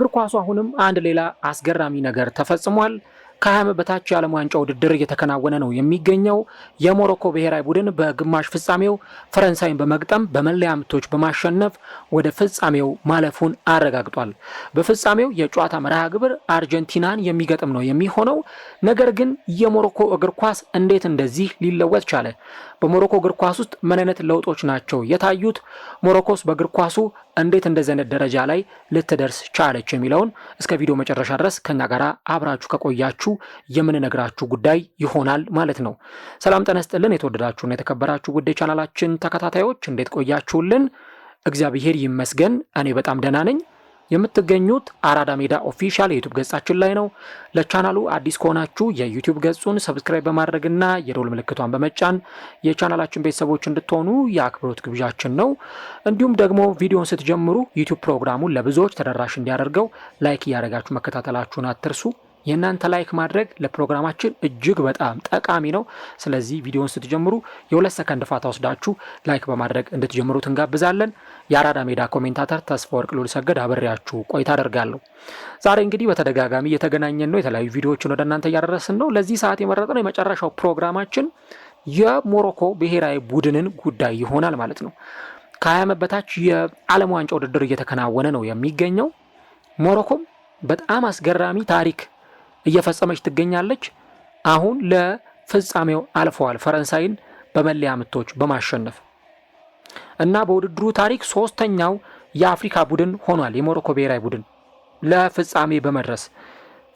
በእግር ኳሱ አሁንም አንድ ሌላ አስገራሚ ነገር ተፈጽሟል። ከ20 በታች የዓለም ዋንጫ ውድድር እየተከናወነ ነው የሚገኘው። የሞሮኮ ብሔራዊ ቡድን በግማሽ ፍጻሜው ፈረንሳይን በመግጠም በመለያ ምቶች በማሸነፍ ወደ ፍጻሜው ማለፉን አረጋግጧል። በፍጻሜው የጨዋታ መርሃ ግብር አርጀንቲናን የሚገጥም ነው የሚሆነው። ነገር ግን የሞሮኮ እግር ኳስ እንዴት እንደዚህ ሊለወጥ ቻለ? በሞሮኮ እግር ኳስ ውስጥ ምን አይነት ለውጦች ናቸው የታዩት? ሞሮኮስ በእግር ኳሱ እንዴት እንደዚህ አይነት ደረጃ ላይ ልትደርስ ቻለች? የሚለውን እስከ ቪዲዮ መጨረሻ ድረስ ከኛ ጋር አብራችሁ ከቆያችሁ እየደወላችሁ የምንነግራችሁ ጉዳይ ይሆናል ማለት ነው። ሰላም ጠነስጥልን የተወደዳችሁና የተከበራችሁ ውድ የቻናላችን ተከታታዮች እንዴት ቆያችሁልን? እግዚአብሔር ይመስገን እኔ በጣም ደህና ነኝ። የምትገኙት አራዳ ሜዳ ኦፊሻል የዩቱብ ገጻችን ላይ ነው። ለቻናሉ አዲስ ከሆናችሁ የዩቱብ ገጹን ሰብስክራይብ በማድረግና የደውል ምልክቷን በመጫን የቻናላችን ቤተሰቦች እንድትሆኑ የአክብሮት ግብዣችን ነው። እንዲሁም ደግሞ ቪዲዮን ስትጀምሩ ዩቱብ ፕሮግራሙን ለብዙዎች ተደራሽ እንዲያደርገው ላይክ እያደረጋችሁ መከታተላችሁን አትርሱ። የእናንተ ላይክ ማድረግ ለፕሮግራማችን እጅግ በጣም ጠቃሚ ነው። ስለዚህ ቪዲዮውን ስትጀምሩ የሁለት ሰከንድ ፋታ ወስዳችሁ ላይክ በማድረግ እንድትጀምሩት እንጋብዛለን። የአራዳ ሜዳ ኮሜንታተር ተስፋ ወርቅ ልዑል ሰገድ አብሬያችሁ ቆይታ አደርጋለሁ። ዛሬ እንግዲህ በተደጋጋሚ እየተገናኘን ነው። የተለያዩ ቪዲዮዎችን ወደ እናንተ እያደረስን ነው። ለዚህ ሰዓት የመረጥነው የመጨረሻው ፕሮግራማችን የሞሮኮ ብሔራዊ ቡድንን ጉዳይ ይሆናል ማለት ነው። ከሀያ ዓመት በታች የዓለም ዋንጫ ውድድር እየተከናወነ ነው የሚገኘው። ሞሮኮም በጣም አስገራሚ ታሪክ እየፈጸመች ትገኛለች። አሁን ለፍጻሜው አልፈዋል ፈረንሳይን በመለያ ምቶች በማሸነፍ እና በውድድሩ ታሪክ ሶስተኛው የአፍሪካ ቡድን ሆኗል የሞሮኮ ብሔራዊ ቡድን ለፍጻሜ በመድረስ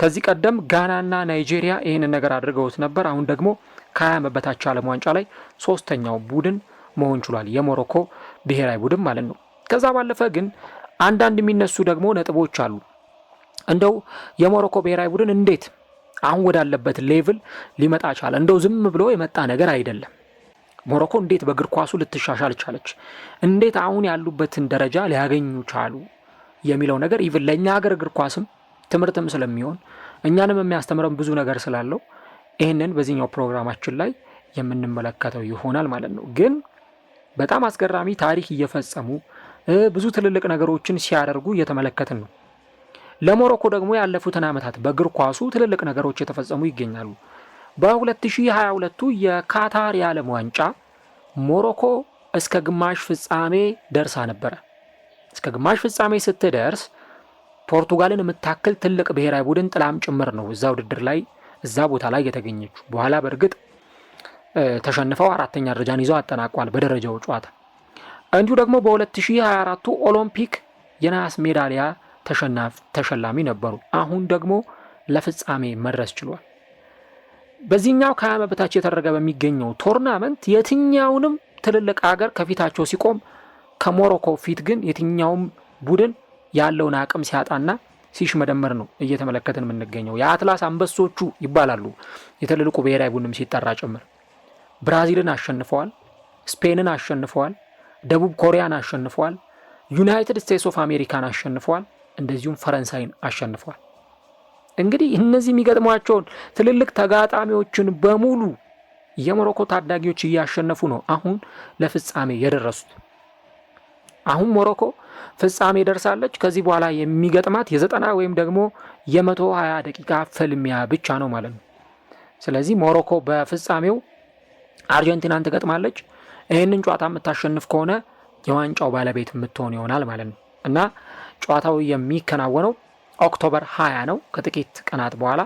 ከዚህ ቀደም ጋናና ናይጄሪያ ይህንን ነገር አድርገውት ነበር። አሁን ደግሞ ከሀያ ዓመት በታች ዓለም ዋንጫ ላይ ሶስተኛው ቡድን መሆን ችሏል የሞሮኮ ብሔራዊ ቡድን ማለት ነው። ከዛ ባለፈ ግን አንዳንድ የሚነሱ ደግሞ ነጥቦች አሉ። እንደው የሞሮኮ ብሔራዊ ቡድን እንዴት አሁን ወዳለበት ሌቭል ሊመጣ ቻለ? እንደው ዝም ብሎ የመጣ ነገር አይደለም። ሞሮኮ እንዴት በእግር ኳሱ ልትሻሻል ቻለች? እንዴት አሁን ያሉበትን ደረጃ ሊያገኙ ቻሉ? የሚለው ነገር ኢቭን ለእኛ ሀገር እግር ኳስም ትምህርትም ስለሚሆን እኛንም የሚያስተምረን ብዙ ነገር ስላለው ይህንን በዚህኛው ፕሮግራማችን ላይ የምንመለከተው ይሆናል ማለት ነው። ግን በጣም አስገራሚ ታሪክ እየፈጸሙ ብዙ ትልልቅ ነገሮችን ሲያደርጉ እየተመለከትን ነው። ለሞሮኮ ደግሞ ያለፉትን ዓመታት በእግር ኳሱ ትልልቅ ነገሮች የተፈጸሙ ይገኛሉ። በ2022ቱ የካታር የዓለም ዋንጫ ሞሮኮ እስከ ግማሽ ፍጻሜ ደርሳ ነበረ። እስከ ግማሽ ፍጻሜ ስትደርስ ፖርቱጋልን የምታክል ትልቅ ብሔራዊ ቡድን ጥላም ጭምር ነው እዛ ውድድር ላይ እዛ ቦታ ላይ የተገኘች። በኋላ በእርግጥ ተሸንፈው አራተኛ ደረጃን ይዘው አጠናቋል በደረጃው ጨዋታ። እንዲሁ ደግሞ በ2024ቱ ኦሎምፒክ የነሐስ ሜዳሊያ ተሸላሚ ነበሩ። አሁን ደግሞ ለፍጻሜ መድረስ ችሏል። በዚህኛው ከሀያ በታች የተደረገ በሚገኘው ቶርናመንት የትኛውንም ትልልቅ አገር ከፊታቸው ሲቆም ከሞሮኮ ፊት ግን የትኛውም ቡድን ያለውን አቅም ሲያጣና ሲሽመደመር ነው እየተመለከትን የምንገኘው። የአትላስ አንበሶቹ ይባላሉ የትልልቁ ብሔራዊ ቡድንም ሲጠራ ጭምር። ብራዚልን አሸንፈዋል፣ ስፔንን አሸንፈዋል፣ ደቡብ ኮሪያን አሸንፈዋል፣ ዩናይትድ ስቴትስ ኦፍ አሜሪካን አሸንፈዋል። እንደዚሁም ፈረንሳይን አሸንፏል። እንግዲህ እነዚህ የሚገጥሟቸውን ትልልቅ ተጋጣሚዎችን በሙሉ የሞሮኮ ታዳጊዎች እያሸነፉ ነው አሁን ለፍጻሜ የደረሱት። አሁን ሞሮኮ ፍጻሜ ደርሳለች። ከዚህ በኋላ የሚገጥማት የዘጠና ወይም ደግሞ የመቶ ሀያ ደቂቃ ፍልሚያ ብቻ ነው ማለት ነው። ስለዚህ ሞሮኮ በፍጻሜው አርጀንቲናን ትገጥማለች። ይህንን ጨዋታ የምታሸንፍ ከሆነ የዋንጫው ባለቤት የምትሆን ይሆናል ማለት ነው። እና ጨዋታው የሚከናወነው ኦክቶበር 20 ነው። ከጥቂት ቀናት በኋላ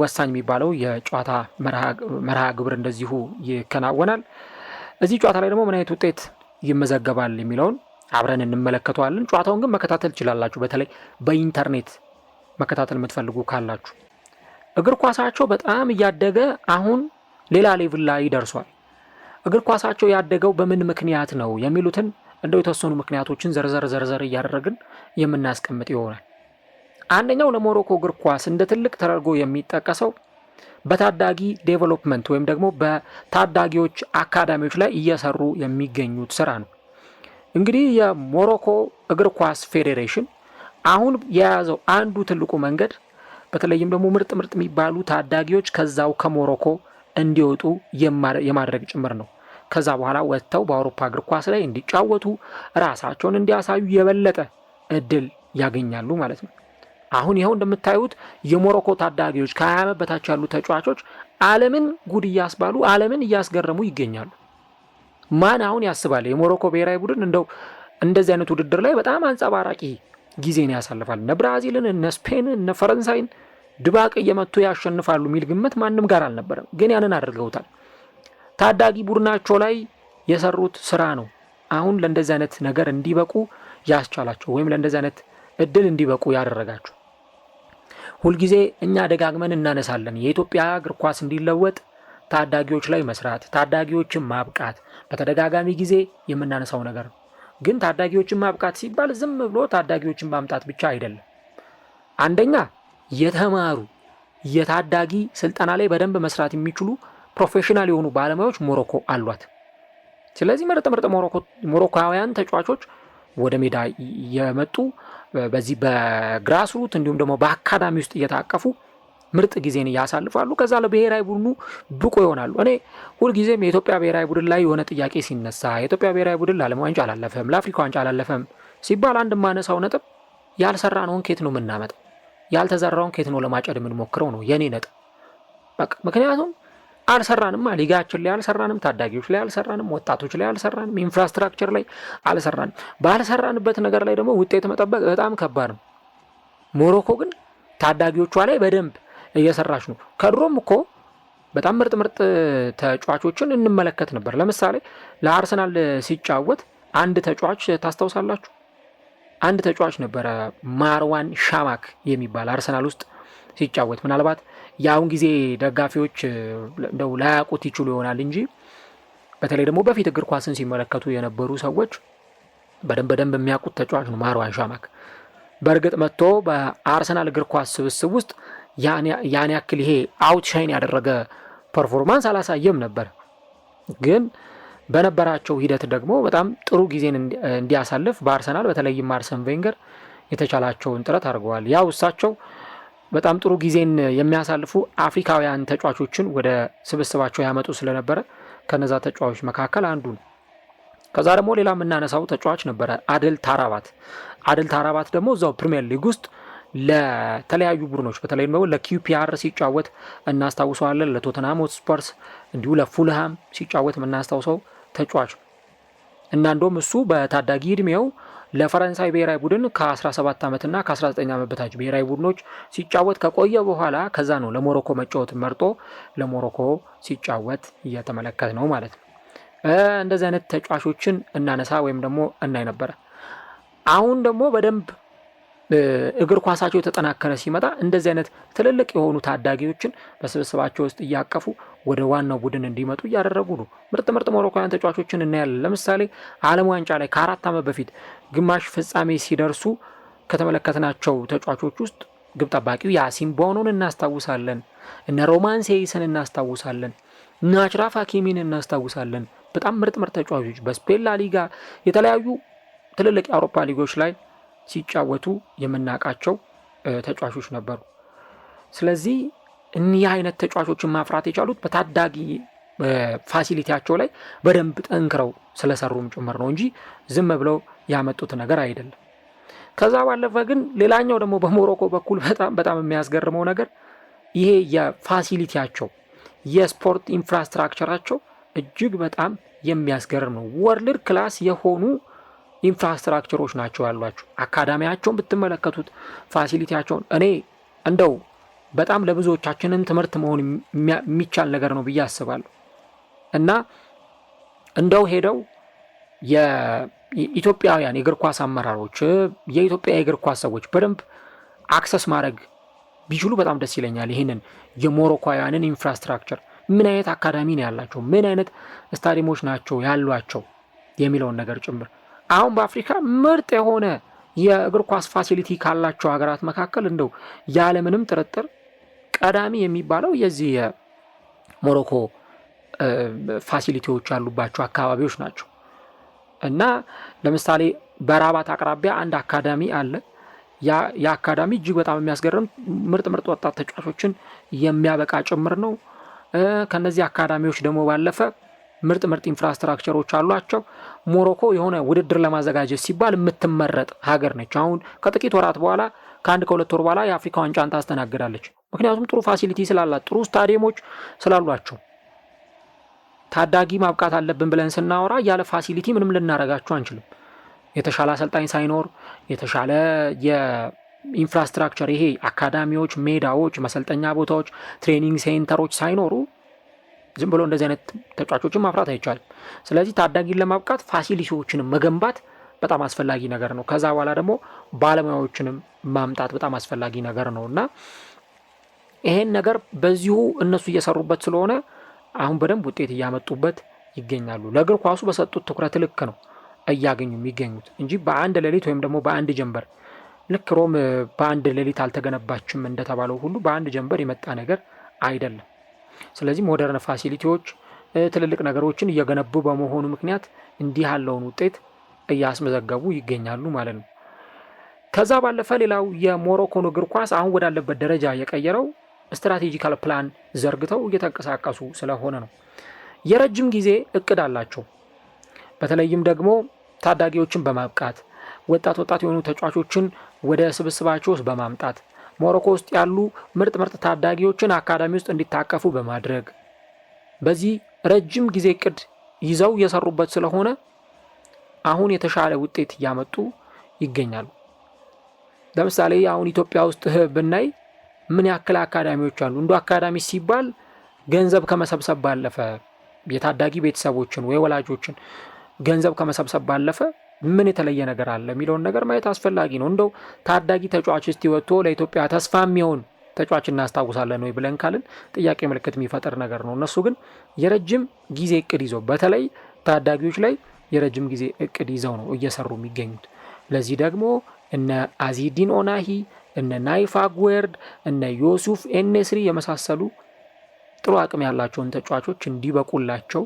ወሳኝ የሚባለው የጨዋታ መርሃ ግብር እንደዚሁ ይከናወናል። እዚህ ጨዋታ ላይ ደግሞ ምን አይነት ውጤት ይመዘገባል የሚለውን አብረን እንመለከተዋለን። ጨዋታውን ግን መከታተል ትችላላችሁ፣ በተለይ በኢንተርኔት መከታተል የምትፈልጉ ካላችሁ። እግር ኳሳቸው በጣም እያደገ አሁን ሌላ ሌቭል ላይ ደርሷል። እግር ኳሳቸው ያደገው በምን ምክንያት ነው የሚሉትን እንደው የተወሰኑ ምክንያቶችን ዘርዘር ዘርዘር እያደረግን የምናስቀምጥ ይሆናል። አንደኛው ለሞሮኮ እግር ኳስ እንደ ትልቅ ተደርጎ የሚጠቀሰው በታዳጊ ዴቨሎፕመንት ወይም ደግሞ በታዳጊዎች አካዳሚዎች ላይ እየሰሩ የሚገኙት ስራ ነው። እንግዲህ የሞሮኮ እግር ኳስ ፌዴሬሽን አሁን የያዘው አንዱ ትልቁ መንገድ በተለይም ደግሞ ምርጥ ምርጥ የሚባሉ ታዳጊዎች ከዛው ከሞሮኮ እንዲወጡ የማድረግ ጭምር ነው። ከዛ በኋላ ወጥተው በአውሮፓ እግር ኳስ ላይ እንዲጫወቱ ራሳቸውን እንዲያሳዩ የበለጠ እድል ያገኛሉ ማለት ነው። አሁን ይኸው እንደምታዩት የሞሮኮ ታዳጊዎች ከሀያ ዓመት በታች ያሉ ተጫዋቾች ዓለምን ጉድ እያስባሉ ዓለምን እያስገረሙ ይገኛሉ። ማን አሁን ያስባል የሞሮኮ ብሔራዊ ቡድን እንደው እንደዚህ አይነት ውድድር ላይ በጣም አንጸባራቂ ጊዜን ያሳልፋል፣ እነ ብራዚልን፣ እነ ስፔንን፣ እነ ፈረንሳይን ድባቅ እየመቱ ያሸንፋሉ የሚል ግምት ማንም ጋር አልነበረም፣ ግን ያንን አድርገውታል። ታዳጊ ቡድናቸው ላይ የሰሩት ስራ ነው አሁን ለእንደዚህ አይነት ነገር እንዲበቁ ያስቻላቸው ወይም ለእንደዚህ አይነት እድል እንዲበቁ ያደረጋቸው። ሁልጊዜ እኛ ደጋግመን እናነሳለን። የኢትዮጵያ እግር ኳስ እንዲለወጥ ታዳጊዎች ላይ መስራት፣ ታዳጊዎችን ማብቃት በተደጋጋሚ ጊዜ የምናነሳው ነገር ነው። ግን ታዳጊዎችን ማብቃት ሲባል ዝም ብሎ ታዳጊዎችን ማምጣት ብቻ አይደለም። አንደኛ የተማሩ የታዳጊ ስልጠና ላይ በደንብ መስራት የሚችሉ ፕሮፌሽናል የሆኑ ባለሙያዎች ሞሮኮ አሏት። ስለዚህ ምርጥ ምርጥ ሞሮኮውያን ተጫዋቾች ወደ ሜዳ እየመጡ በዚህ በግራስ ሩት እንዲሁም ደግሞ በአካዳሚ ውስጥ እየታቀፉ ምርጥ ጊዜን እያሳልፋሉ። ከዛ ለብሔራዊ ቡድኑ ብቁ ይሆናሉ። እኔ ሁልጊዜም የኢትዮጵያ ብሔራዊ ቡድን ላይ የሆነ ጥያቄ ሲነሳ የኢትዮጵያ ብሔራዊ ቡድን ለዓለም ዋንጫ አላለፈም፣ ለአፍሪካ ዋንጫ አላለፈም ሲባል አንድ ማነሳው ነጥብ ያልሰራ ነውን ኬት ነው የምናመጣው፣ ያልተዘራውን ኬት ነው ለማጨድ የምንሞክረው ነው የኔ ነጥብ በቃ ምክንያቱም አልሰራንም፣ ሊጋችን ላይ አልሰራንም፣ ታዳጊዎች ላይ አልሰራንም፣ ወጣቶች ላይ አልሰራንም፣ ኢንፍራስትራክቸር ላይ አልሰራንም። ባልሰራንበት ነገር ላይ ደግሞ ውጤት መጠበቅ በጣም ከባድ ነው። ሞሮኮ ግን ታዳጊዎቿ ላይ በደንብ እየሰራች ነው። ከድሮም እኮ በጣም ምርጥ ምርጥ ተጫዋቾችን እንመለከት ነበር። ለምሳሌ ለአርሰናል ሲጫወት አንድ ተጫዋች ታስታውሳላችሁ? አንድ ተጫዋች ነበረ ማርዋን ሻማክ የሚባል አርሰናል ውስጥ ሲጫወት ምናልባት የአሁን ጊዜ ደጋፊዎች እንደው ላያውቁት ይችሉ ይሆናል እንጂ በተለይ ደግሞ በፊት እግር ኳስን ሲመለከቱ የነበሩ ሰዎች በደንብ በደንብ የሚያውቁት ተጫዋች ነው ማርዋን ሻማክ። በእርግጥ መጥቶ በአርሰናል እግር ኳስ ስብስብ ውስጥ ያን ያክል ይሄ አውት ሻይን ያደረገ ፐርፎርማንስ አላሳየም ነበር ግን በነበራቸው ሂደት ደግሞ በጣም ጥሩ ጊዜን እንዲያሳልፍ በአርሰናል በተለይም አርሰን ቬንገር የተቻላቸውን ጥረት አድርገዋል። ያው እሳቸው በጣም ጥሩ ጊዜን የሚያሳልፉ አፍሪካውያን ተጫዋቾችን ወደ ስብስባቸው ያመጡ ስለነበረ ከነዛ ተጫዋቾች መካከል አንዱ ነው። ከዛ ደግሞ ሌላ የምናነሳው ተጫዋች ነበረ አደል ታራባት። አደል ታራባት ደግሞ እዛው ፕሪሚየር ሊግ ውስጥ ለተለያዩ ቡድኖች በተለይ ደግሞ ለኪዩፒአር ሲጫወት እናስታውሰዋለን። ለቶተናም ሆትስፐርስ እንዲሁ ለፉልሃም ሲጫወት የምናስታውሰው ተጫዋች እና እንደውም እሱ በታዳጊ እድሜው ለፈረንሳይ ብሔራዊ ቡድን ከ17 ዓመትና ከ19 ዓመት በታች ብሔራዊ ቡድኖች ሲጫወት ከቆየ በኋላ ከዛ ነው ለሞሮኮ መጫወት መርጦ ለሞሮኮ ሲጫወት እየተመለከት ነው ማለት ነው። እንደዚህ አይነት ተጫዋቾችን እናነሳ ወይም ደግሞ እናይ ነበረ። አሁን ደግሞ በደንብ እግር ኳሳቸው የተጠናከረ ሲመጣ እንደዚህ አይነት ትልልቅ የሆኑ ታዳጊዎችን በስብስባቸው ውስጥ እያቀፉ ወደ ዋናው ቡድን እንዲመጡ እያደረጉ ነው። ምርጥ ምርጥ ሞሮኮውያን ተጫዋቾችን እናያለን። ለምሳሌ ዓለም ዋንጫ ላይ ከአራት ዓመት በፊት ግማሽ ፍጻሜ ሲደርሱ ከተመለከትናቸው ተጫዋቾች ውስጥ ግብ ጠባቂው ያሲን ቦኖን እናስታውሳለን። እነ ሮማን ሴይስን እናስታውሳለን። እነ አሽራፍ ሀኪሚን እናስታውሳለን። በጣም ምርጥ ምርጥ ተጫዋቾች በስፔን ሊጋ የተለያዩ ትልልቅ የአውሮፓ ሊጎች ላይ ሲጫወቱ የምናውቃቸው ተጫዋቾች ነበሩ። ስለዚህ እኒህ አይነት ተጫዋቾችን ማፍራት የቻሉት በታዳጊ ፋሲሊቲያቸው ላይ በደንብ ጠንክረው ስለሰሩም ጭምር ነው እንጂ ዝም ብለው ያመጡት ነገር አይደለም። ከዛ ባለፈ ግን ሌላኛው ደግሞ በሞሮኮ በኩል በጣም በጣም የሚያስገርመው ነገር ይሄ የፋሲሊቲያቸው የስፖርት ኢንፍራስትራክቸራቸው እጅግ በጣም የሚያስገርም ነው። ወርልድ ክላስ የሆኑ ኢንፍራስትራክቸሮች ናቸው ያሏቸው። አካዳሚያቸውን ብትመለከቱት ፋሲሊቲያቸውን እኔ እንደው በጣም ለብዙዎቻችንም ትምህርት መሆን የሚቻል ነገር ነው ብዬ አስባለሁ እና እንደው ሄደው የኢትዮጵያውያን የእግር ኳስ አመራሮች፣ የኢትዮጵያ የእግር ኳስ ሰዎች በደንብ አክሰስ ማድረግ ቢችሉ በጣም ደስ ይለኛል። ይህንን የሞሮኳውያንን ኢንፍራስትራክቸር ምን አይነት አካዳሚ ነው ያላቸው፣ ምን አይነት ስታዲየሞች ናቸው ያሏቸው የሚለውን ነገር ጭምር አሁን በአፍሪካ ምርጥ የሆነ የእግር ኳስ ፋሲሊቲ ካላቸው ሀገራት መካከል እንደው ያለምንም ጥርጥር ቀዳሚ የሚባለው የዚህ የሞሮኮ ፋሲሊቲዎች ያሉባቸው አካባቢዎች ናቸው እና ለምሳሌ በራባት አቅራቢያ አንድ አካዳሚ አለ። የአካዳሚ አካዳሚ እጅግ በጣም የሚያስገርም ምርጥ ምርጥ ወጣት ተጫዋቾችን የሚያበቃ ጭምር ነው። ከነዚህ አካዳሚዎች ደግሞ ባለፈ ምርጥ ምርጥ ኢንፍራስትራክቸሮች አሏቸው። ሞሮኮ የሆነ ውድድር ለማዘጋጀት ሲባል የምትመረጥ ሀገር ነች። አሁን ከጥቂት ወራት በኋላ ከአንድ ከሁለት ወር በኋላ የአፍሪካ ዋንጫን ታስተናግዳለች። ምክንያቱም ጥሩ ፋሲሊቲ ስላላት፣ ጥሩ ስታዲየሞች ስላሏቸው። ታዳጊ ማብቃት አለብን ብለን ስናወራ ያለ ፋሲሊቲ ምንም ልናረጋቸው አንችልም። የተሻለ አሰልጣኝ ሳይኖር የተሻለ የኢንፍራስትራክቸር ይሄ አካዳሚዎች፣ ሜዳዎች፣ መሰልጠኛ ቦታዎች፣ ትሬኒንግ ሴንተሮች ሳይኖሩ ዝም ብሎ እንደዚህ አይነት ተጫዋቾችን ማፍራት አይቻልም። ስለዚህ ታዳጊን ለማብቃት ፋሲሊቲዎችንም መገንባት በጣም አስፈላጊ ነገር ነው። ከዛ በኋላ ደግሞ ባለሙያዎችንም ማምጣት በጣም አስፈላጊ ነገር ነው እና ይሄን ነገር በዚሁ እነሱ እየሰሩበት ስለሆነ አሁን በደንብ ውጤት እያመጡበት ይገኛሉ። ለእግር ኳሱ በሰጡት ትኩረት ልክ ነው እያገኙ የሚገኙት እንጂ በአንድ ሌሊት ወይም ደግሞ በአንድ ጀንበር ልክ ሮም በአንድ ሌሊት አልተገነባችም እንደተባለው ሁሉ በአንድ ጀንበር የመጣ ነገር አይደለም። ስለዚህ ሞደርን ፋሲሊቲዎች ትልልቅ ነገሮችን እየገነቡ በመሆኑ ምክንያት እንዲህ ያለውን ውጤት እያስመዘገቡ ይገኛሉ ማለት ነው። ከዛ ባለፈ ሌላው የሞሮኮን እግር ኳስ አሁን ወዳለበት ደረጃ የቀየረው ስትራቴጂካል ፕላን ዘርግተው እየተንቀሳቀሱ ስለሆነ ነው። የረጅም ጊዜ እቅድ አላቸው። በተለይም ደግሞ ታዳጊዎችን በማብቃት ወጣት ወጣት የሆኑ ተጫዋቾችን ወደ ስብስባቸው ውስጥ በማምጣት ሞሮኮ ውስጥ ያሉ ምርጥ ምርጥ ታዳጊዎችን አካዳሚ ውስጥ እንዲታቀፉ በማድረግ በዚህ ረጅም ጊዜ እቅድ ይዘው የሰሩበት ስለሆነ አሁን የተሻለ ውጤት እያመጡ ይገኛሉ። ለምሳሌ አሁን ኢትዮጵያ ውስጥ ብናይ ምን ያክል አካዳሚዎች አሉ? እንዶ አካዳሚ ሲባል ገንዘብ ከመሰብሰብ ባለፈ የታዳጊ ቤተሰቦችን ወይ ወላጆችን ገንዘብ ከመሰብሰብ ባለፈ ምን የተለየ ነገር አለ የሚለውን ነገር ማየት አስፈላጊ ነው። እንደው ታዳጊ ተጫዋች እስቲ ወጥቶ ለኢትዮጵያ ተስፋ የሚሆን ተጫዋች እናስታውሳለን ወይ ብለን ካልን ጥያቄ ምልክት የሚፈጥር ነገር ነው። እነሱ ግን የረጅም ጊዜ እቅድ ይዘው በተለይ ታዳጊዎች ላይ የረጅም ጊዜ እቅድ ይዘው ነው እየሰሩ የሚገኙት። ለዚህ ደግሞ እነ አዚዲን ኦናሂ፣ እነ ናይፋ ጉዌርድ እነ ዮሱፍ ኤኔስሪ የመሳሰሉ ጥሩ አቅም ያላቸውን ተጫዋቾች እንዲበቁላቸው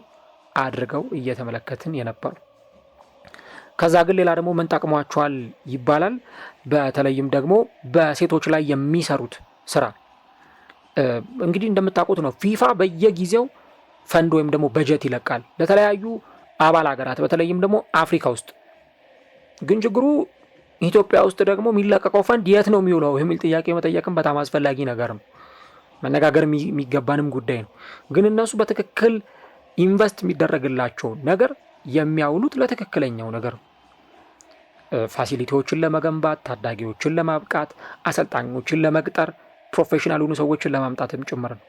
አድርገው እየተመለከትን የነበሩ። ከዛ ግን ሌላ ደግሞ ምን ጠቅሟቸዋል ይባላል። በተለይም ደግሞ በሴቶች ላይ የሚሰሩት ስራ እንግዲህ እንደምታውቁት ነው። ፊፋ በየጊዜው ፈንድ ወይም ደግሞ በጀት ይለቃል ለተለያዩ አባል ሀገራት በተለይም ደግሞ አፍሪካ ውስጥ። ግን ችግሩ ኢትዮጵያ ውስጥ ደግሞ የሚለቀቀው ፈንድ የት ነው የሚውለው የሚል ጥያቄ መጠየቅም በጣም አስፈላጊ ነገር ነው፣ መነጋገር የሚገባንም ጉዳይ ነው። ግን እነሱ በትክክል ኢንቨስት የሚደረግላቸው ነገር የሚያውሉት ለትክክለኛው ነገር ነው። ፋሲሊቲዎችን ለመገንባት፣ ታዳጊዎችን ለማብቃት፣ አሰልጣኞችን ለመቅጠር፣ ፕሮፌሽናል የሆኑ ሰዎችን ለማምጣትም ጭምር ነው።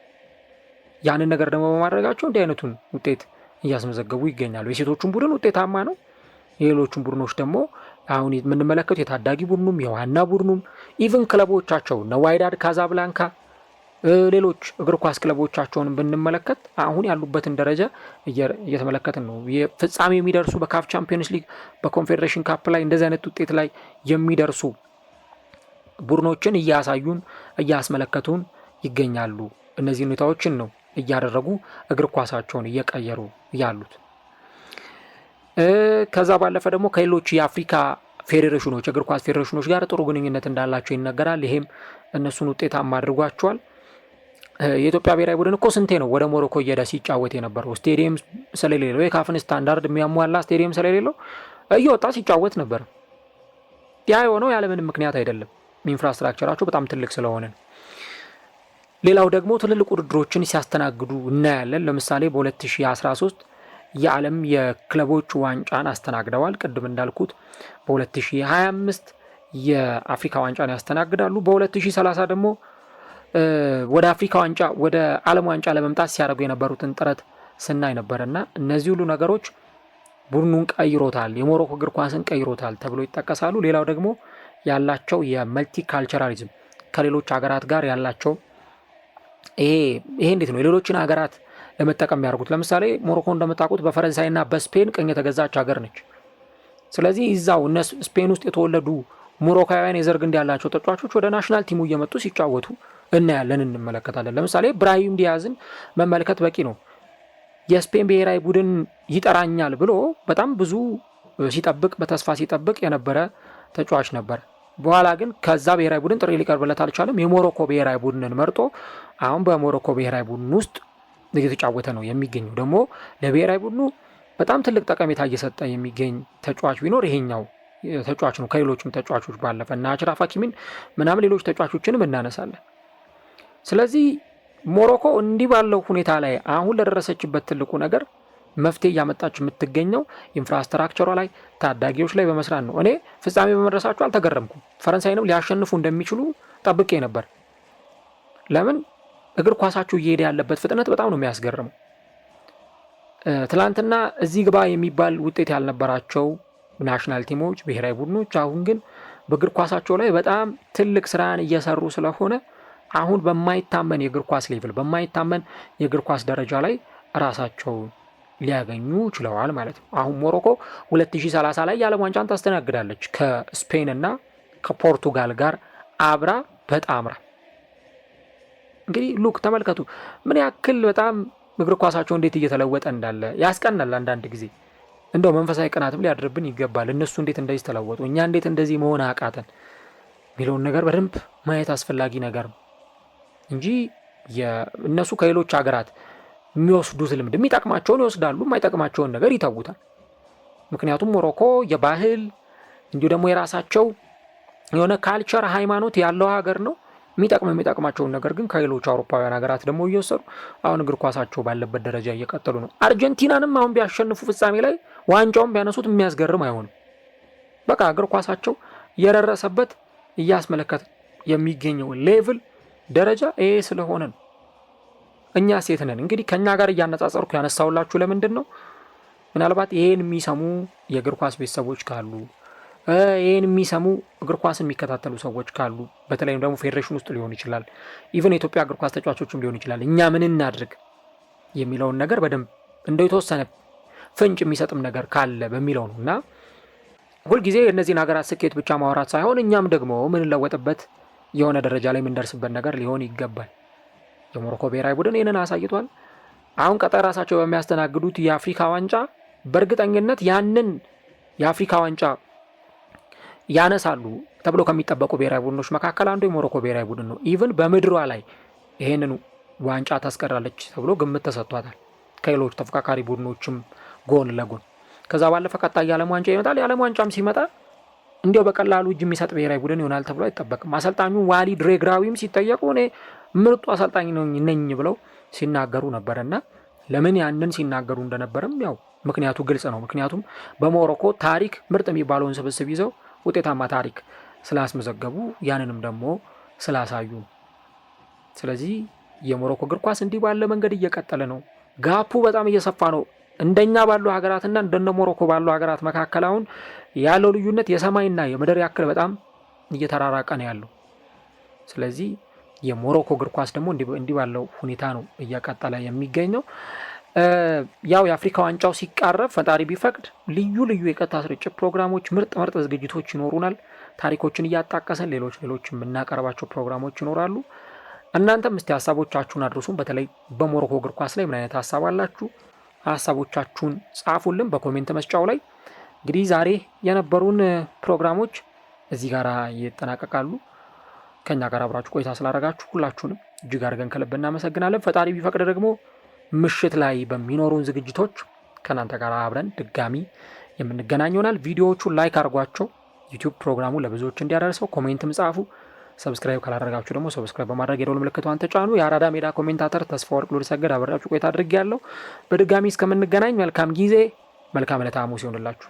ያንን ነገር ደግሞ በማድረጋቸው እንዲህ አይነቱን ውጤት እያስመዘገቡ ይገኛሉ። የሴቶቹን ቡድን ውጤታማ ነው። የሌሎቹን ቡድኖች ደግሞ አሁን የምንመለከቱ የታዳጊ ቡድኑም የዋና ቡድኑም ኢቭን ክለቦቻቸው ነዋይዳድ ካዛብላንካ ሌሎች እግር ኳስ ክለቦቻቸውን ብንመለከት አሁን ያሉበትን ደረጃ እየተመለከትን ነው። ፍጻሜ የሚደርሱ በካፍ ቻምፒዮንስ ሊግ፣ በኮንፌዴሬሽን ካፕ ላይ እንደዚህ አይነት ውጤት ላይ የሚደርሱ ቡድኖችን እያሳዩን እያስመለከቱን ይገኛሉ። እነዚህ ሁኔታዎችን ነው እያደረጉ እግር ኳሳቸውን እየቀየሩ ያሉት። ከዛ ባለፈ ደግሞ ከሌሎች የአፍሪካ ፌዴሬሽኖች እግር ኳስ ፌዴሬሽኖች ጋር ጥሩ ግንኙነት እንዳላቸው ይነገራል። ይሄም እነሱን ውጤታማ አድርጓቸዋል። የኢትዮጵያ ብሔራዊ ቡድን እኮ ስንቴ ነው ወደ ሞሮኮ እየሄደ ሲጫወት የነበረው? ስቴዲየም ስለሌለው የካፍን ስታንዳርድ የሚያሟላ ስቴዲየም ስለሌለው እየወጣ ሲጫወት ነበር። ያ የሆነው ያለምንም ምክንያት አይደለም። ኢንፍራስትራክቸራቸው በጣም ትልቅ ስለሆነ ነው። ሌላው ደግሞ ትልልቅ ውድድሮችን ሲያስተናግዱ እናያለን። ለምሳሌ በ2013 የዓለም የክለቦች ዋንጫን አስተናግደዋል። ቅድም እንዳልኩት በ2025 የአፍሪካ ዋንጫን ያስተናግዳሉ። በ2030 ደግሞ ወደ አፍሪካ ዋንጫ ወደ ዓለም ዋንጫ ለመምጣት ሲያደርጉ የነበሩትን ጥረት ስናይ ነበር እና እነዚህ ሁሉ ነገሮች ቡድኑን ቀይሮታል፣ የሞሮኮ እግር ኳስን ቀይሮታል ተብሎ ይጠቀሳሉ። ሌላው ደግሞ ያላቸው የመልቲ ካልቸራሊዝም ከሌሎች ሀገራት ጋር ያላቸው ይሄ ይሄ እንዴት ነው የሌሎችን ሀገራት ለመጠቀም ያደርጉት። ለምሳሌ ሞሮኮ እንደምታውቁት በፈረንሳይና በስፔን ቅኝ የተገዛች ሀገር ነች። ስለዚህ ይዛው እነ ስፔን ውስጥ የተወለዱ ሞሮካውያን የዘር ግንድ ያላቸው ተጫዋቾች ወደ ናሽናል ቲሙ እየመጡ ሲጫወቱ እናያለን፣ እንመለከታለን። ለምሳሌ ብራሂም ዲያዝን መመልከት በቂ ነው። የስፔን ብሔራዊ ቡድን ይጠራኛል ብሎ በጣም ብዙ ሲጠብቅ በተስፋ ሲጠብቅ የነበረ ተጫዋች ነበር። በኋላ ግን ከዛ ብሔራዊ ቡድን ጥሪ ሊቀርብለት አልቻለም። የሞሮኮ ብሔራዊ ቡድንን መርጦ አሁን በሞሮኮ ብሔራዊ ቡድን ውስጥ እየተጫወተ ነው የሚገኘው። ደግሞ ለብሔራዊ ቡድኑ በጣም ትልቅ ጠቀሜታ እየሰጠ የሚገኝ ተጫዋች ቢኖር ይሄኛው ተጫዋች ነው። ከሌሎችም ተጫዋቾች ባለፈ እና አሽራፍ ሀኪሚን ምናምን ሌሎች ተጫዋቾችንም እናነሳለን። ስለዚህ ሞሮኮ እንዲህ ባለው ሁኔታ ላይ አሁን ለደረሰችበት ትልቁ ነገር መፍትሄ እያመጣችሁ የምትገኘው ኢንፍራስትራክቸሯ ላይ ታዳጊዎች ላይ በመስራት ነው። እኔ ፍጻሜ በመድረሳቸው አልተገረምኩም። ፈረንሳይንም ሊያሸንፉ እንደሚችሉ ጠብቄ ነበር። ለምን እግር ኳሳችሁ እየሄደ ያለበት ፍጥነት በጣም ነው የሚያስገርመው። ትላንትና እዚህ ግባ የሚባል ውጤት ያልነበራቸው ናሽናል ቲሞች፣ ብሔራዊ ቡድኖች አሁን ግን በእግር ኳሳቸው ላይ በጣም ትልቅ ስራን እየሰሩ ስለሆነ አሁን በማይታመን የእግር ኳስ ሌቭል በማይታመን የእግር ኳስ ደረጃ ላይ ራሳቸው ሊያገኙ ችለዋል ማለት ነው። አሁን ሞሮኮ 2030 ላይ የዓለም ዋንጫን ታስተናግዳለች ከስፔን እና ከፖርቱጋል ጋር አብራ በጣምራ። እንግዲህ ሉክ ተመልከቱ ምን ያክል በጣም እግር ኳሳቸው እንዴት እየተለወጠ እንዳለ ያስቀናል። አንዳንድ ጊዜ እንደው መንፈሳዊ ቅናትም ሊያድርብን ይገባል። እነሱ እንዴት እንደዚህ ተለወጡ፣ እኛ እንዴት እንደዚህ መሆን አቃተን የሚለውን ነገር በደንብ ማየት አስፈላጊ ነገር ነው። እንጂ እነሱ ከሌሎች ሀገራት የሚወስዱት ልምድ የሚጠቅማቸውን ይወስዳሉ፣ የማይጠቅማቸውን ነገር ይተውታል። ምክንያቱም ሞሮኮ የባህል እንዲሁ ደግሞ የራሳቸው የሆነ ካልቸር ሃይማኖት ያለው ሀገር ነው። የሚጠቅመው የሚጠቅማቸውን ነገር ግን ከሌሎች አውሮፓውያን ሀገራት ደግሞ እየወሰዱ አሁን እግር ኳሳቸው ባለበት ደረጃ እየቀጠሉ ነው። አርጀንቲናንም አሁን ቢያሸንፉ ፍጻሜ ላይ ዋንጫውን ቢያነሱት የሚያስገርም አይሆንም። በቃ እግር ኳሳቸው የደረሰበት እያስመለከት የሚገኘው ሌቭል ደረጃ ይሄ ስለሆነ ነው። እኛ ሴት ነን። እንግዲህ ከእኛ ጋር እያነጻጸርኩ ያነሳውላችሁ ለምንድን ነው? ምናልባት ይሄን የሚሰሙ የእግር ኳስ ቤተሰቦች ካሉ ይህን የሚሰሙ እግር ኳስን የሚከታተሉ ሰዎች ካሉ በተለይም ደግሞ ፌዴሬሽን ውስጥ ሊሆን ይችላል፣ ኢቨን የኢትዮጵያ እግር ኳስ ተጫዋቾችም ሊሆን ይችላል። እኛ ምን እናድርግ የሚለውን ነገር በደንብ እንደው የተወሰነ ፍንጭ የሚሰጥም ነገር ካለ በሚለው ነው እና ሁልጊዜ የእነዚህን ሀገራት ስኬት ብቻ ማውራት ሳይሆን እኛም ደግሞ ምንለወጥበት የሆነ ደረጃ ላይ የምንደርስበት ነገር ሊሆን ይገባል። የሞሮኮ ብሔራዊ ቡድን ይህንን አሳይቷል። አሁን ቀጠር ራሳቸው በሚያስተናግዱት የአፍሪካ ዋንጫ በእርግጠኝነት ያንን የአፍሪካ ዋንጫ ያነሳሉ ተብሎ ከሚጠበቁ ብሔራዊ ቡድኖች መካከል አንዱ የሞሮኮ ብሔራዊ ቡድን ነው። ኢቭን በምድሯ ላይ ይህንን ዋንጫ ታስቀራለች ተብሎ ግምት ተሰጥቷታል ከሌሎች ተፎካካሪ ቡድኖችም ጎን ለጎን ከዛ ባለፈ ቀጣይ የዓለም ዋንጫ ይመጣል። የዓለም ዋንጫም ሲመጣ እንዲያው በቀላሉ እጅ የሚሰጥ ብሔራዊ ቡድን ይሆናል ተብሎ አይጠበቅም። አሰልጣኙ ዋሊድ ሬግራዊም ሲጠየቁ እኔ ምርጡ አሰልጣኝ ነኝ ብለው ሲናገሩ ነበርና ለምን ያንን ሲናገሩ እንደነበረም ያው ምክንያቱ ግልጽ ነው። ምክንያቱም በሞሮኮ ታሪክ ምርጥ የሚባለውን ስብስብ ይዘው ውጤታማ ታሪክ ስላስመዘገቡ ያንንም ደግሞ ስላሳዩ፣ ስለዚህ የሞሮኮ እግር ኳስ እንዲህ ባለ መንገድ እየቀጠለ ነው። ጋፑ በጣም እየሰፋ ነው። እንደኛ ባሉ ሀገራትና እንደነ ሞሮኮ ባሉ ሀገራት መካከል አሁን ያለው ልዩነት የሰማይና የምድር ያክል በጣም እየተራራቀ ነው ያለው። ስለዚህ የሞሮኮ እግር ኳስ ደግሞ እንዲህ ባለው ሁኔታ ነው እየቀጠለ የሚገኘው። ያው የአፍሪካ ዋንጫው ሲቃረብ ፈጣሪ ቢፈቅድ ልዩ ልዩ የቀጥታ ስርጭት ፕሮግራሞች፣ ምርጥ ምርጥ ዝግጅቶች ይኖሩናል። ታሪኮችን እያጣቀሰን ሌሎች ሌሎች የምናቀርባቸው ፕሮግራሞች ይኖራሉ። እናንተም እስቲ ሀሳቦቻችሁን አድርሱን በተለይ በሞሮኮ እግር ኳስ ላይ ምን አይነት ሀሳብ አላችሁ? ሀሳቦቻችሁን ጻፉልን በኮሜንት መስጫው ላይ። እንግዲህ ዛሬ የነበሩን ፕሮግራሞች እዚህ ጋር ይጠናቀቃሉ። ከኛ ጋር አብራችሁ ቆይታ ስላደረጋችሁ ሁላችሁንም እጅግ አድርገን ከልብ እናመሰግናለን። ፈጣሪ ቢፈቅድ ደግሞ ምሽት ላይ በሚኖሩን ዝግጅቶች ከእናንተ ጋር አብረን ድጋሚ የምንገናኝ ይሆናል። ቪዲዮዎቹ ላይክ አድርጓቸው፣ ዩቲዩብ ፕሮግራሙ ለብዙዎች እንዲያደርሰው ኮሜንትም ጻፉ። ሰብስክራይብ ካላደረጋችሁ ደግሞ ሰብስክራይብ በማድረግ የደወል ምልክቷን ተጫኑ። የአራዳ ሜዳ ኮሜንታተር ተስፋ ወርቅ ሉል ሰገድ አብሬያችሁ ቆይታ አድርጌያለሁ። በድጋሚ እስከምንገናኝ መልካም ጊዜ፣ መልካም ዕለተ ሐሙስ ይሆንላችሁ።